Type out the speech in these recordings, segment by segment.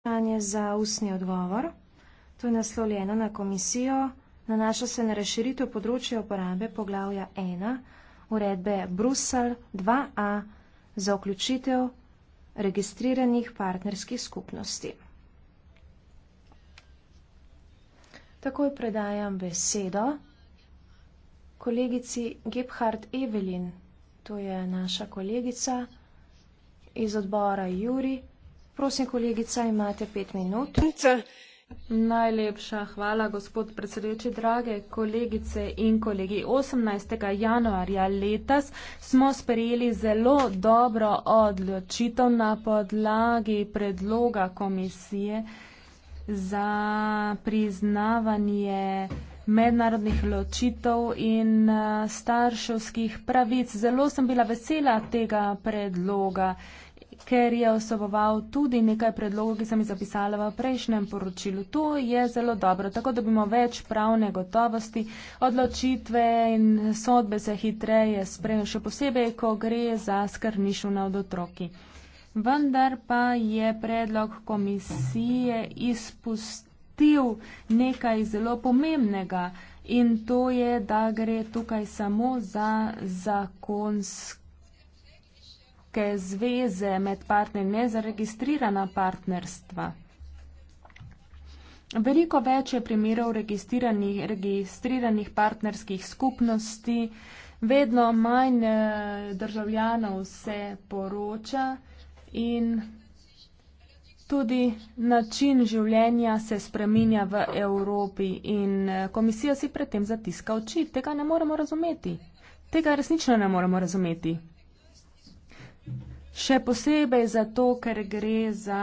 vprašanje za ustni odgovor. To je naslovljeno na komisijo, nanaša se na razširitev področja uporabe poglavja 1 uredbe Brusel 2a za vključitev registriranih partnerskih skupnosti. Takoj predajam besedo kolegici Gebhardt Evelin, to je naša kolegica iz odbora Juri, Prosim, kolegica, imate pet minut. Najlepša hvala, gospod predsedujoči, drage kolegice in kolegi. 18. januarja letos smo sprejeli zelo dobro odločitev na podlagi predloga komisije za priznavanje mednarodnih ločitev in uh, starševskih pravic. Zelo sem bila vesela tega predloga ker je vseboval tudi nekaj predlogov, ki sem jih zapisala v prejšnjem poročilu. To je zelo dobro, tako da bomo več pravne gotovosti, odločitve in sodbe se hitreje sprejme, še posebej, ko gre za skrnišu nad otroki. Vendar pa je predlog komisije izpustil nekaj zelo pomembnega in to je, da gre tukaj samo za zakonsko partnerske zveze med partner nezaregistrirana partnerstva. Veliko več je primerov registriranih, registriranih partnerskih skupnosti, vedno manj eh, državljanov se poroča in tudi način življenja se spreminja v Evropi in eh, komisija si pred tem zatiska oči. Tega ne moremo razumeti. Tega resnično ne moremo razumeti. Še posebej zato, ker gre za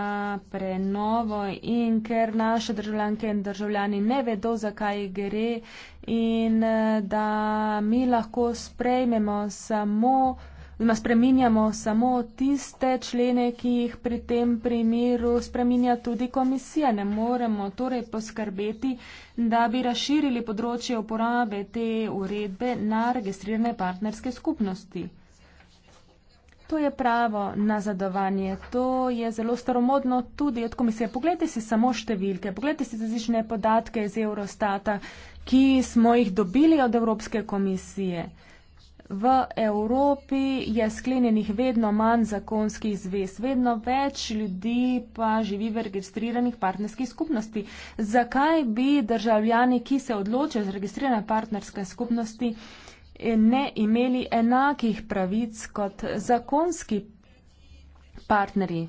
prenovo in ker naše državljanke in državljani ne vedo, zakaj gre in eh, da mi lahko sprejmemo samo oziroma spreminjamo samo tiste člene, ki jih pri tem primeru spreminja tudi komisija. Ne moremo torej poskrbeti, da bi razširili področje uporabe te uredbe na registrirane partnerske skupnosti. To je pravo nazadovanje, to je zelo staromodno tudi od komisije. Poglejte si samo številke, poglejte si različne podatke iz Eurostata, ki smo jih dobili od Evropske komisije. V Evropi je sklenjenih vedno manj zakonskih zvez, vedno več ljudi pa živi v registriranih partnerskih skupnosti. Zakaj bi državljani, ki se odločajo za registrirane partnerske skupnosti, in ne imeli enakih pravic kot zakonski partnerji.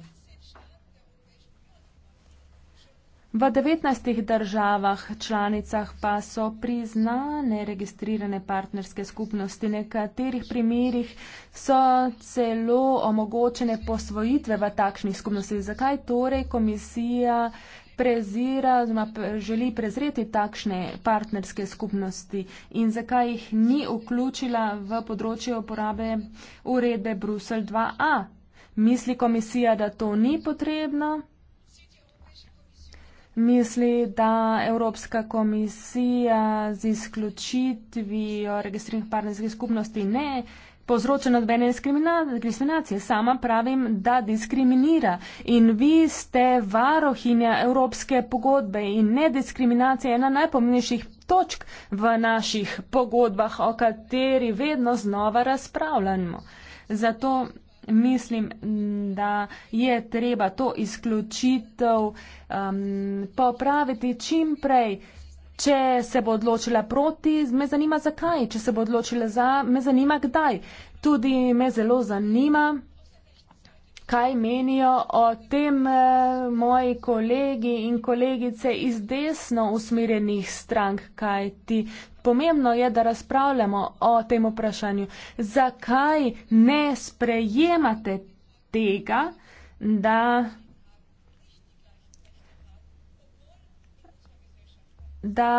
V 19 državah članicah pa so priznane registrirane partnerske skupnosti. V nekaterih primerjih so celo omogočene posvojitve v takšnih skupnostih. Zakaj torej komisija prezira, zma, želi prezreti takšne partnerske skupnosti in zakaj jih ni vključila v področje uporabe uredbe Brusel 2a. Misli komisija, da to ni potrebno? Misli, da Evropska komisija z izključitvijo registriranih partnerskih skupnosti ne povzroča nobene diskriminacije. Sama pravim, da diskriminira. In vi ste varohinja Evropske pogodbe in nediskriminacija je ena najpomembnejših točk v naših pogodbah, o kateri vedno znova razpravljamo. Zato mislim, da je treba to izključitev um, popraviti čim prej, Če se bo odločila proti, me zanima zakaj. Če se bo odločila za, me zanima kdaj. Tudi me zelo zanima, kaj menijo o tem eh, moji kolegi in kolegice iz desno usmirjenih strank, kaj ti. Pomembno je, da razpravljamo o tem vprašanju. Zakaj ne sprejemate tega, da da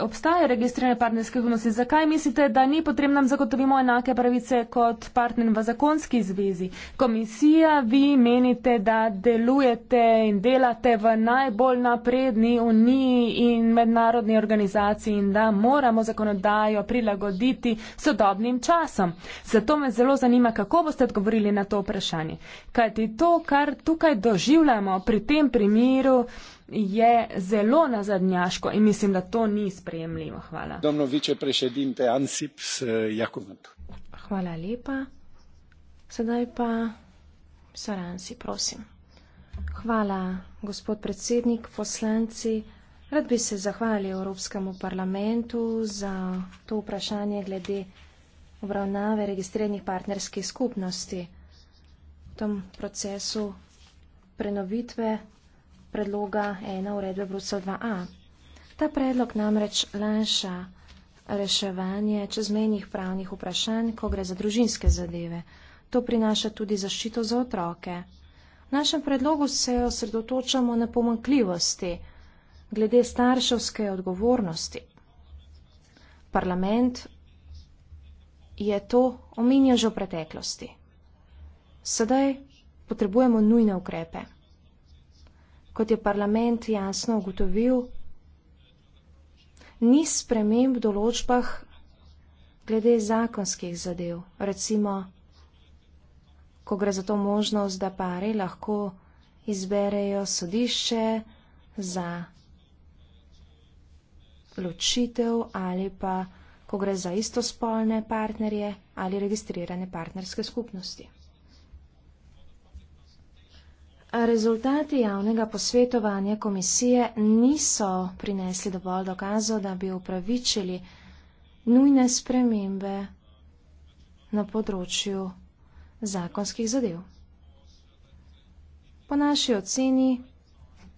obstajajo registrirane partnerske odnose. Zakaj mislite, da ni potrebno nam zagotovimo enake pravice kot partner v zakonski zvezi? Komisija, vi menite, da delujete in delate v najbolj napredni uniji in mednarodni organizaciji in da moramo zakonodajo prilagoditi sodobnim časom. Zato me zelo zanima, kako boste odgovorili na to vprašanje. Kajti to, kar tukaj doživljamo pri tem primeru, je zelo nazadnjaško in mislim, da to ni sprejemljivo. Hvala. Eh, Hvala lepa. Sedaj pa Saransi, prosim. Hvala, gospod predsednik, poslanci. Rad bi se zahvali Evropskemu parlamentu za to vprašanje glede obravnave registriranih partnerskih skupnosti v tem procesu prenovitve predloga ena uredbe Brusel 2a. Ta predlog namreč lanša reševanje čezmenjih pravnih vprašanj, ko gre za družinske zadeve. To prinaša tudi zaščito za otroke. V našem predlogu se osredotočamo na pomankljivosti glede starševske odgovornosti. Parlament je to omenjal že v preteklosti. Sedaj potrebujemo nujne ukrepe kot je parlament jasno ugotovil, ni sprememb v določbah glede zakonskih zadev. Recimo, ko gre za to možnost, da pare lahko izberejo sodišče za ločitev ali pa ko gre za istospolne partnerje ali registrirane partnerske skupnosti. Rezultati javnega posvetovanja komisije niso prinesli dovolj dokazov, da bi upravičili nujne spremembe na področju zakonskih zadev. Po naši oceni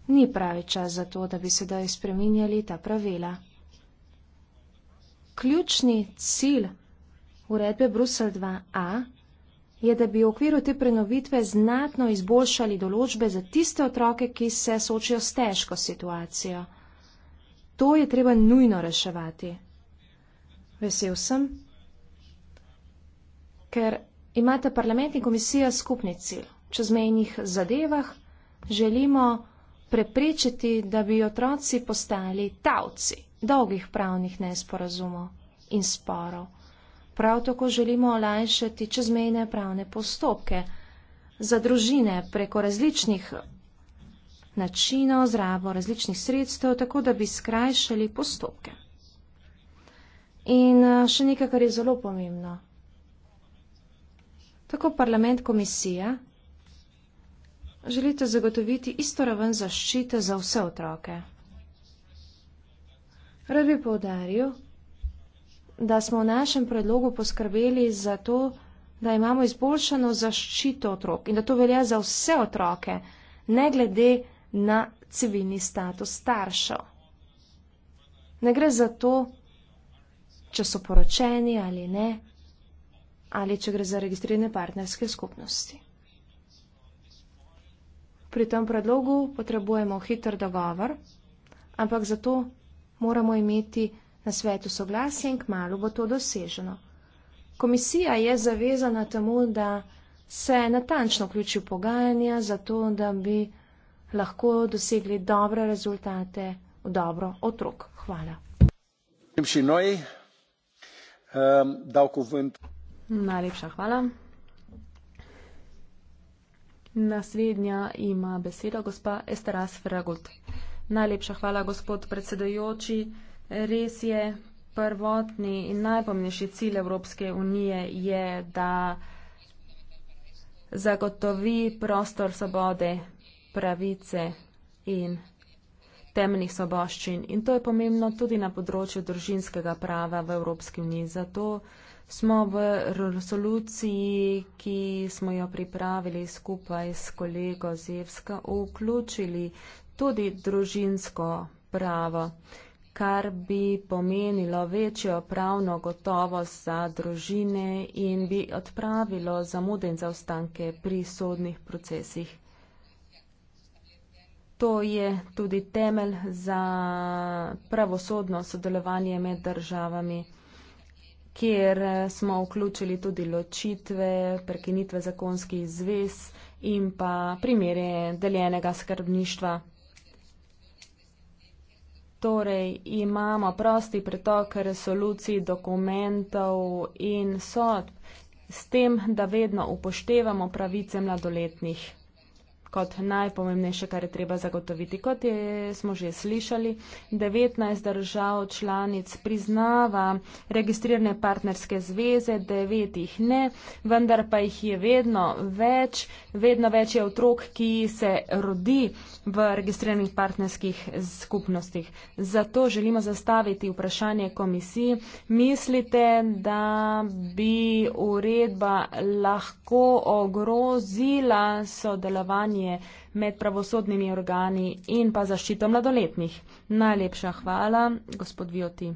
ni pravi čas za to, da bi sedaj spreminjali ta pravila. Ključni cilj uredbe Brusel 2a je, da bi v okviru te prenovitve znatno izboljšali določbe za tiste otroke, ki se soočijo s težko situacijo. To je treba nujno reševati. Vesel sem, ker imate parlament in komisija skupni cilj. Če zmejnih zadevah želimo preprečiti, da bi otroci postali tavci dolgih pravnih nesporazumov in sporov. Prav tako želimo olajšati čezmejne pravne postopke za družine preko različnih načinov, zrabo različnih sredstev, tako da bi skrajšali postopke. In eh, še nekaj, kar je zelo pomembno. Tako parlament, komisija želite zagotoviti isto raven zaščite za vse otroke. Rad bi poudaril, da smo v našem predlogu poskrbeli za to, da imamo izboljšano zaščito otrok in da to velja za vse otroke, ne glede na civilni status staršev. Ne gre za to, če so poročeni ali ne, ali če gre za registrirane partnerske skupnosti. Pri tem predlogu potrebujemo hiter dogovor, ampak zato moramo imeti na svetu soglasje in k malu bo to doseženo. Komisija je zavezana temu, da se natančno vključi v pogajanja, zato da bi lahko dosegli dobre rezultate v dobro otrok. Hvala. Ehm, Najlepša hvala. Naslednja ima beseda gospa Esteras Fragot. Najlepša hvala, gospod predsedajoči. Res je, prvotni in najpomnejši cilj Evropske unije je, da zagotovi prostor svobode, pravice in temeljnih soboščin. In to je pomembno tudi na področju družinskega prava v Evropski uniji. Zato smo v resoluciji, ki smo jo pripravili skupaj s kolego Zevska, vključili tudi družinsko pravo kar bi pomenilo večjo pravno gotovost za družine in bi odpravilo zamude in zaostanke pri sodnih procesih. To je tudi temelj za pravosodno sodelovanje med državami, kjer smo vključili tudi ločitve, prekinitve zakonskih zvez in pa primere deljenega skrbništva torej imamo prosti pretok resolucij, dokumentov in sodb, s tem, da vedno upoštevamo pravice mladoletnih kot najpomembnejše, kar je treba zagotoviti. Kot je, smo že slišali, 19 držav članic priznava registrirane partnerske zveze, 9 jih ne, vendar pa jih je vedno več, vedno več je otrok, ki se rodi v registriranih partnerskih skupnostih. Zato želimo zastaviti vprašanje komisiji. Mislite, da bi uredba lahko ogrozila sodelovanje? unije med pravosodnimi organi in pa zaščito mladoletnih. Najlepša hvala, gospod Vioti.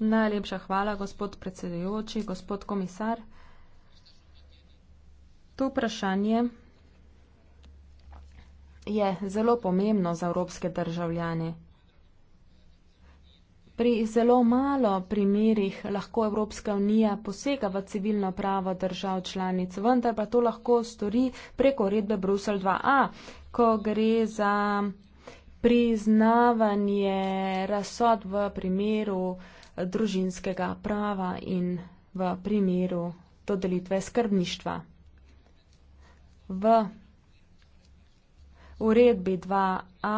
Najlepša hvala, gospod predsedujoči, gospod komisar. To vprašanje je zelo pomembno za evropske državljane. Pri zelo malo primerih lahko Evropska unija posega v civilno pravo držav članic, vendar pa to lahko stori preko redbe Brusel 2a, ko gre za priznavanje razsod v primeru družinskega prava in v primeru dodelitve skrbništva. V uredbi 2a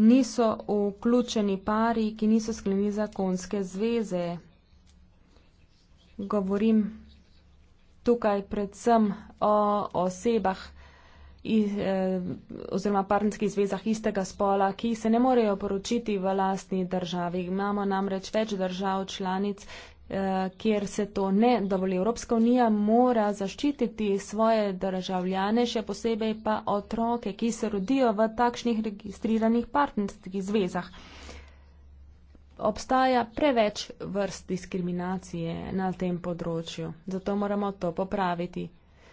niso vključeni pari, ki niso skleni zakonske zveze. Govorim tukaj predvsem o osebah iz, eh, oziroma partnerskih zvezah istega spola, ki se ne morejo poročiti v lastni državi. Imamo namreč več držav članic, Eh, kjer se to ne dovoli. Evropska unija mora zaščititi svoje državljane, še posebej pa otroke, ki se rodijo v takšnih registriranih partnerskih zvezah. Obstaja preveč vrst diskriminacije na tem področju, zato moramo to popraviti.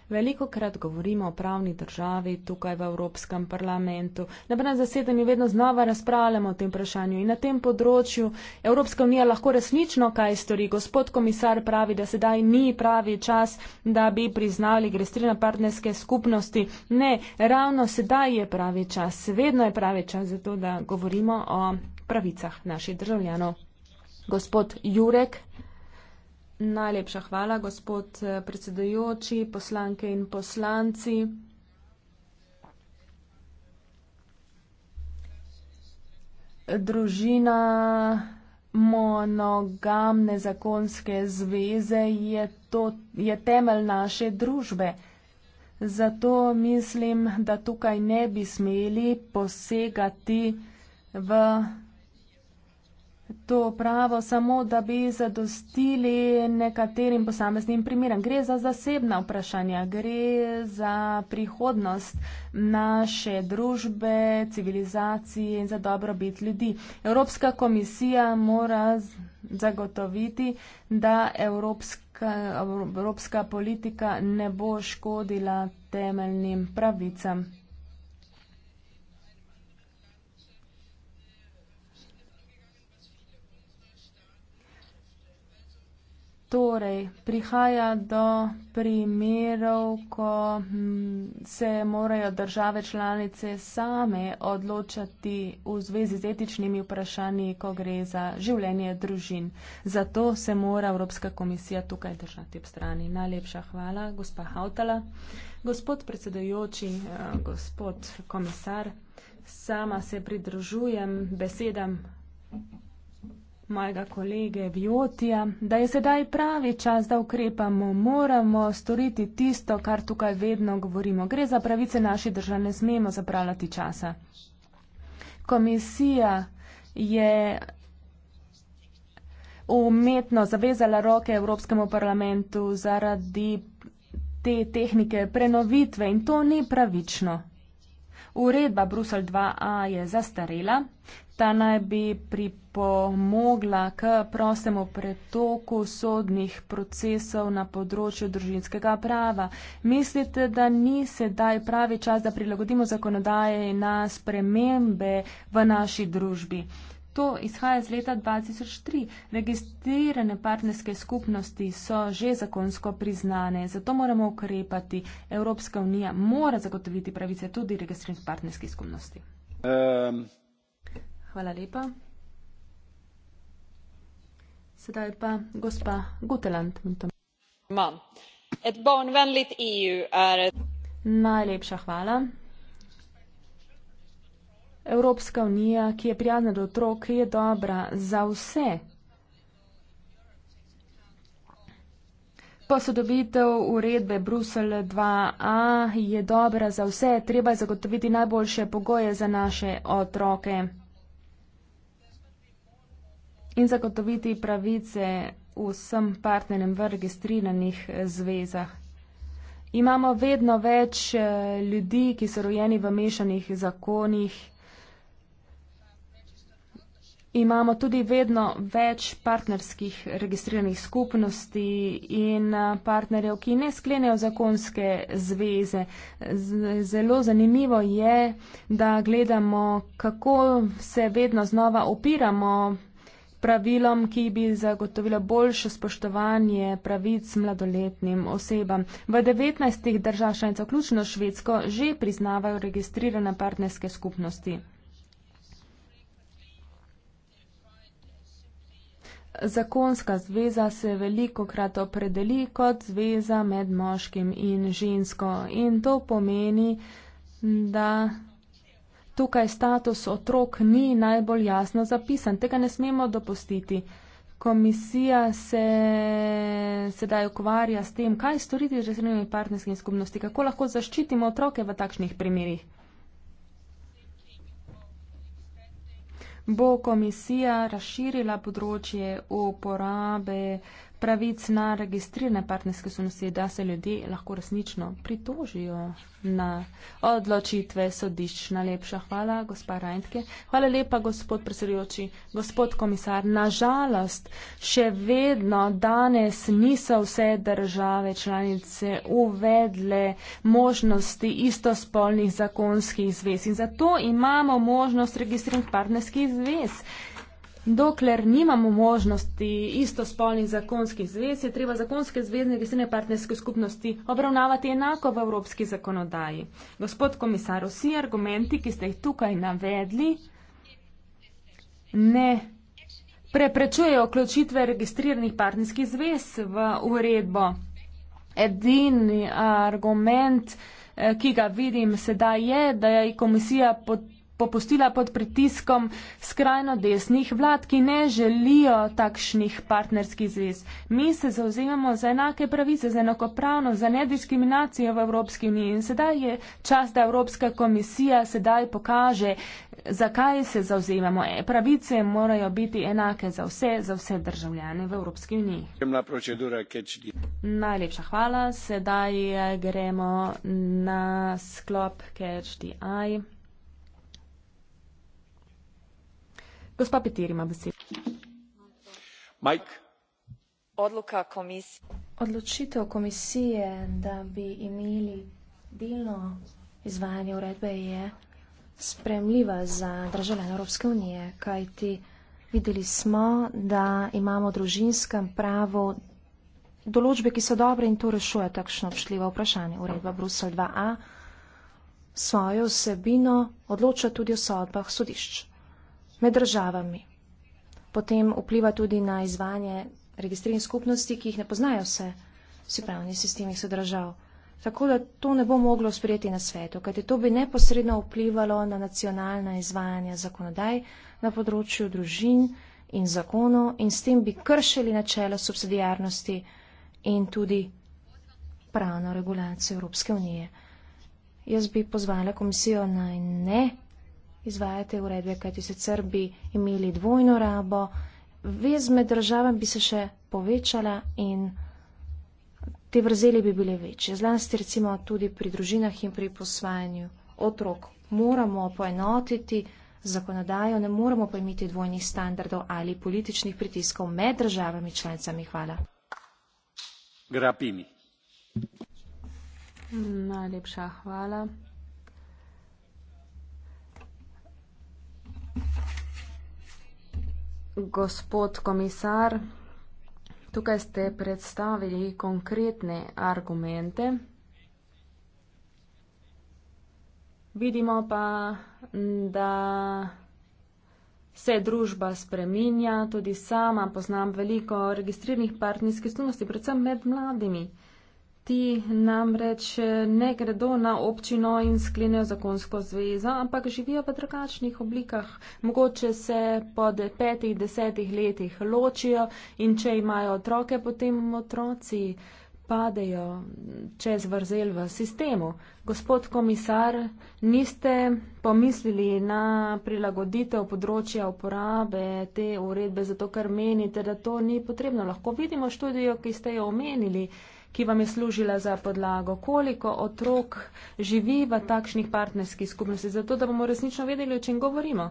Veliko krat govorimo o pravni državi tukaj v Evropskem parlamentu. Na brnem zasedanju vedno znova razpravljamo o tem vprašanju in na tem področju Evropska unija lahko resnično kaj stori. Gospod komisar pravi, da sedaj ni pravi čas, da bi priznali registrirane partnerske skupnosti. Ne, ravno sedaj je pravi čas. Vedno je pravi čas za to, da govorimo o pravicah naših državljanov. Gospod Jurek, Najlepša hvala, gospod eh, predsedujoči, poslanke in poslanci. Družina monogamne zakonske zveze je, to, je temelj naše družbe. Zato mislim, da tukaj ne bi smeli posegati v to pravo samo, da bi zadostili nekaterim posameznim primerem. Gre za zasebna vprašanja, gre za prihodnost naše družbe, civilizacije in za dobrobit ljudi. Evropska komisija mora zagotoviti, da evropska, evropska politika ne bo škodila temeljnim pravicam. Torej, prihaja do primerov, ko hm, se morajo države članice same odločati v zvezi z etičnimi vprašanji, ko gre za življenje družin. Zato se mora Evropska komisija tukaj držati ob strani. Najlepša hvala, gospa Hautala. Gospod predsedajoči, eh, gospod komisar, sama se pridružujem besedam mojega kolege Viotija, da je sedaj pravi čas, da ukrepamo, moramo storiti tisto, kar tukaj vedno govorimo. Gre za pravice naše države, ne smemo zapravljati časa. Komisija je umetno zavezala roke Evropskemu parlamentu zaradi te tehnike prenovitve in to ni pravično. Uredba Brusel 2a je zastarela. Ta naj bi pripomogla k prostemu pretoku sodnih procesov na področju družinskega prava. Mislite, da ni sedaj pravi čas, da prilagodimo zakonodaje na spremembe v naši družbi? To izhaja z leta 2003. Registrirane partnerske skupnosti so že zakonsko priznane, zato moramo ukrepati. Evropska unija mora zagotoviti pravice tudi registriranih partnerskih skupnosti. Um. Hvala lepa. Sedaj pa gospa Guteland. Mam. Et barnvänligt EU är... Najlepša hvala. Evropska unija, ki je prijazna do otrok, je dobra za vse. Posodobitev uredbe Brusel 2a je dobra za vse, treba je zagotoviti najboljše pogoje za naše otroke in zagotoviti pravice vsem partnerjem v registriranih zvezah. Imamo vedno več eh, ljudi, ki so rojeni v mešanih zakonih imamo tudi vedno več partnerskih registriranih skupnosti in eh, partnerjev, ki ne sklenejo zakonske zveze. Zelo zanimivo je, da gledamo, kako se vedno znova opiramo pravilom, ki bi zagotovilo boljše spoštovanje pravic mladoletnim osebam. V 19 držav članica, vključno Švedsko, že priznavajo registrirane partnerske skupnosti. Zakonska zveza se veliko krat opredeli kot zveza med moškim in žensko in to pomeni, da tukaj status otrok ni najbolj jasno zapisan. Tega ne smemo dopustiti. Komisija se sedaj ukvarja s tem, kaj storiti z resnimi partnerskimi skupnosti, kako lahko zaščitimo otroke v takšnih primerjih. bo komisija razširila področje uporabe pravic na registrirane partnerske sonosije, da se ljudje lahko resnično pritožijo na odločitve sodišč. Najlepša hvala, gospa Rajntke. Hvala lepa, gospod predsedujoči, gospod komisar. Nažalost, še vedno danes niso vse države članice uvedle možnosti istospolnih zakonskih zvez in zato imamo možnost registriranih partnerskih zvez. Dokler nimamo možnosti istospolnih zakonskih zvez, je treba zakonske zvezne resine partnerske skupnosti obravnavati enako v evropski zakonodaji. Gospod komisar, vsi argumenti, ki ste jih tukaj navedli, ne preprečujejo vključitve registriranih partnerskih zvez v uredbo. Edini argument, eh, ki ga vidim sedaj, je, da je komisija potrebna popustila pod pritiskom skrajno desnih vlad, ki ne želijo takšnih partnerskih zvez. Mi se zauzemamo za enake pravice, za enakopravnost, za nediskriminacijo v Evropski uniji in sedaj je čas, da Evropska komisija sedaj pokaže, zakaj se zauzemamo. E, pravice morajo biti enake za vse, za vse državljane v Evropski uniji. Najlepša hvala. Sedaj eh, gremo na sklop Catch the Eye. gospa petir ima besedo. odločitev komisije da bi imeli delno izvajanje uredbe je spremljiva za državljane evropske unije kajti videli smo da imamo v družinskem pravu določbe ki so dobre in to rešuje takšno občutljivo vprašanje uredba bruselj dva a svojo vsebino odloča tudi o sodbah sodišč med državami. Potem vpliva tudi na izvanje registriranih skupnosti, ki jih ne poznajo vse, vsi pravni sistemi so držav. Tako da to ne bo moglo sprejeti na svetu, kajti to bi neposredno vplivalo na nacionalna izvajanja zakonodaj na področju družin in zakonov in s tem bi kršili načelo subsidijarnosti in tudi pravno regulacijo Evropske unije. Jaz bi pozvala komisijo naj ne izvajate uredbe, kajti sicer bi imeli dvojno rabo, vez med državami bi se še povečala in te vrzeli bi bile večje. Zlasti recimo tudi pri družinah in pri posvajanju otrok moramo poenotiti zakonodajo, ne moramo pa imeti dvojnih standardov ali političnih pritiskov med državami članicami. Hvala. Grapini. Najlepša hvala. gospod komisar, tukaj ste predstavili konkretne argumente. Vidimo pa, da se družba spreminja, tudi sama poznam veliko registriranih partnerskih skupnosti, predvsem med mladimi. Uh, ti namreč eh, ne gredo na občino in sklenejo zakonsko zvezo, ampak živijo v drugačnih oblikah. Mogoče se po petih, desetih letih ločijo in če imajo otroke, potem otroci padejo čez vrzel v sistemu. Gospod komisar, niste pomislili na prilagoditev področja uporabe te uredbe, zato ker menite, da to ni potrebno. Lahko vidimo študijo, ki ste jo omenili ki vam je služila za podlago, koliko otrok živi v takšnih partnerskih skupnosti, zato da bomo resnično vedeli, o čem govorimo.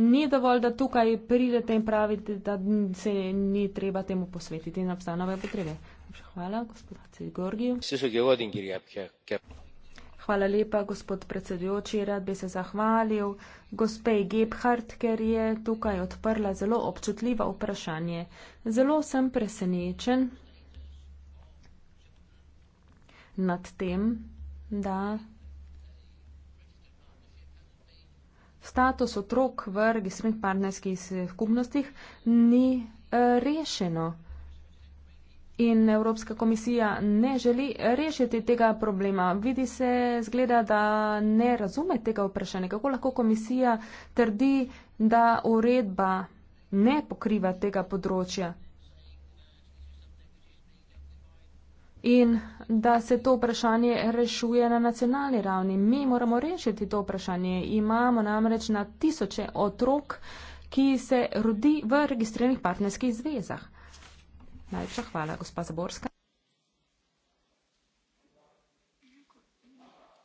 Ni dovolj, da tukaj pridete in pravite, da se ni treba temu posvetiti in obstane nove potrebe. Hvala, gospod Cigorgiju. Hvala lepa, gospod predsedujoči. Rad bi se zahvalil gospej Gebhardt, ker je tukaj odprla zelo občutljivo vprašanje. Zelo sem presenečen, nad tem, da status otrok v registrih partnerskih skupnostih ni eh, rešeno. In Evropska komisija ne želi rešiti tega problema. Vidi se, zgleda, da ne razume tega vprašanja. Kako lahko komisija trdi, da uredba ne pokriva tega področja? in da se to vprašanje rešuje na nacionalni ravni. Mi moramo rešiti to vprašanje. Imamo namreč na tisoče otrok, ki se rodi v registriranih partnerskih zvezah. Najlepša hvala, gospa Zaborska.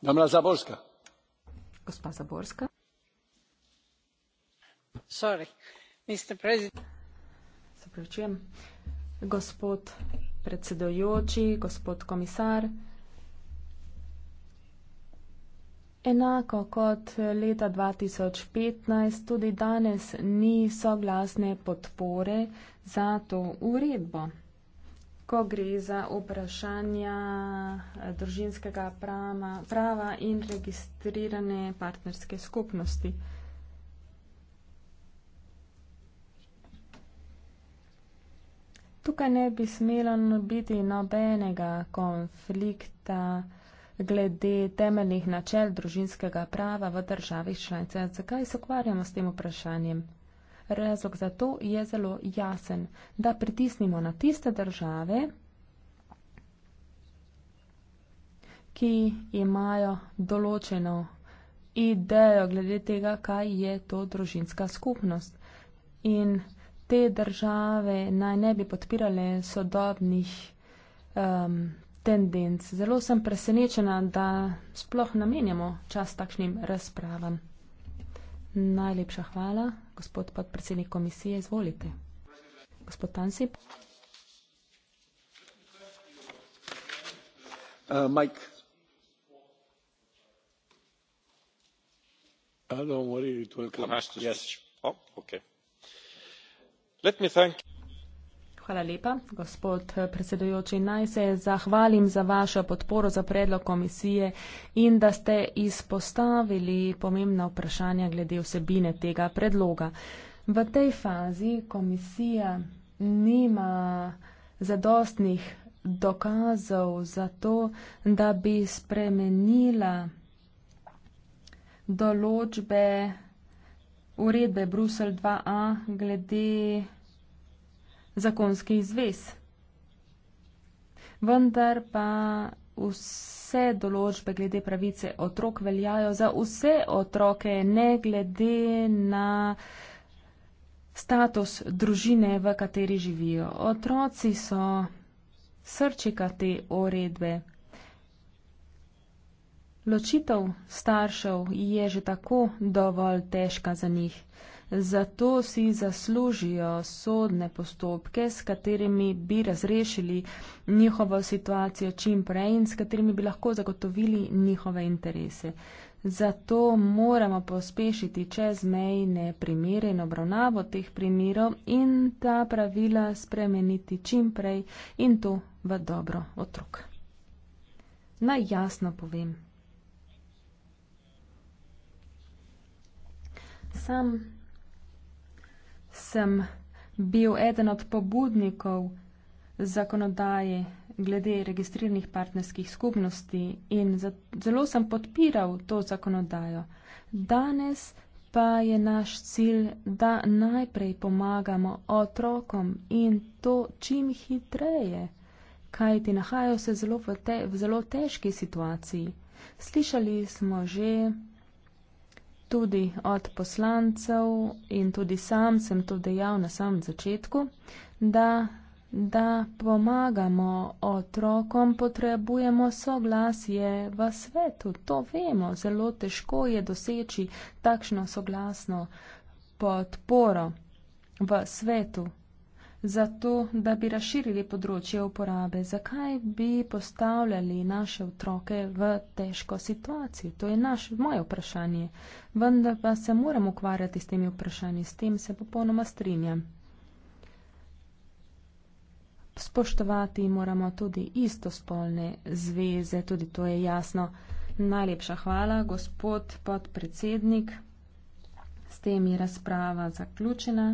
Namla Zaborska. Gospa Zaborska. Sorry, Mr. President. Se pravičujem, gospod predsedojoči, gospod komisar. Enako kot leta 2015, tudi danes ni soglasne podpore za to uredbo. Ko gre za vprašanja eh, družinskega prava in registrirane partnerske skupnosti. Tukaj ne bi smelo biti nobenega konflikta glede temeljnih načel družinskega prava v državih članice. Zakaj se ukvarjamo s tem vprašanjem? Razlog za to je zelo jasen, da pritisnimo na tiste države, ki imajo določeno idejo glede tega, kaj je to družinska skupnost. In te države naj ne bi podpirale sodobnih um, tendenc. Zelo sem presenečena, da sploh namenjamo čas takšnim razpravam. Najlepša hvala, gospod podpredsednik komisije, izvolite. Gospod Tansip. Uh, Mike. Hello, what are you doing? Yes. Oh, okay. Hvala lepa, gospod predsedujoči. Naj se zahvalim za vašo podporo za predlog komisije in da ste izpostavili pomembna vprašanja glede vsebine tega predloga. V tej fazi komisija nima zadostnih dokazov za to, da bi spremenila določbe uredbe Brusel 2a glede zakonskih zvez. Vendar pa vse določbe glede pravice otrok veljajo za vse otroke, ne glede na status družine, v kateri živijo. Otroci so srčika te uredbe. Ločitev staršev je že tako dovolj težka za njih zato si zaslužijo sodne postopke, s katerimi bi razrešili njihovo situacijo čim prej in s katerimi bi lahko zagotovili njihove interese. Zato moramo pospešiti čezmejne primere in obravnavo teh primerov in ta pravila spremeniti čim prej in to v dobro otrok. Naj jasno povem. Some sem bil eden od pobudnikov zakonodaje glede registriranih partnerskih skupnosti in zelo sem podpiral to zakonodajo. Danes pa je naš cilj, da najprej pomagamo otrokom in to čim hitreje, kajti nahajajo se zelo v, te, v zelo težki situaciji. Slišali smo že tudi od poslancev in tudi sam sem to dejal na samem začetku, da, da pomagamo otrokom, potrebujemo soglasje v svetu. To vemo, zelo težko je doseči takšno soglasno podporo v svetu zato da bi razširili področje uporabe, zakaj bi postavljali naše otroke v težko situacijo. To je naš, moje vprašanje. Vendar pa se moram ukvarjati s temi vprašanji, s tem se popolnoma strinjam. Spoštovati moramo tudi istospolne zveze, tudi to je jasno. Najlepša hvala, gospod podpredsednik. S tem je razprava zaključena.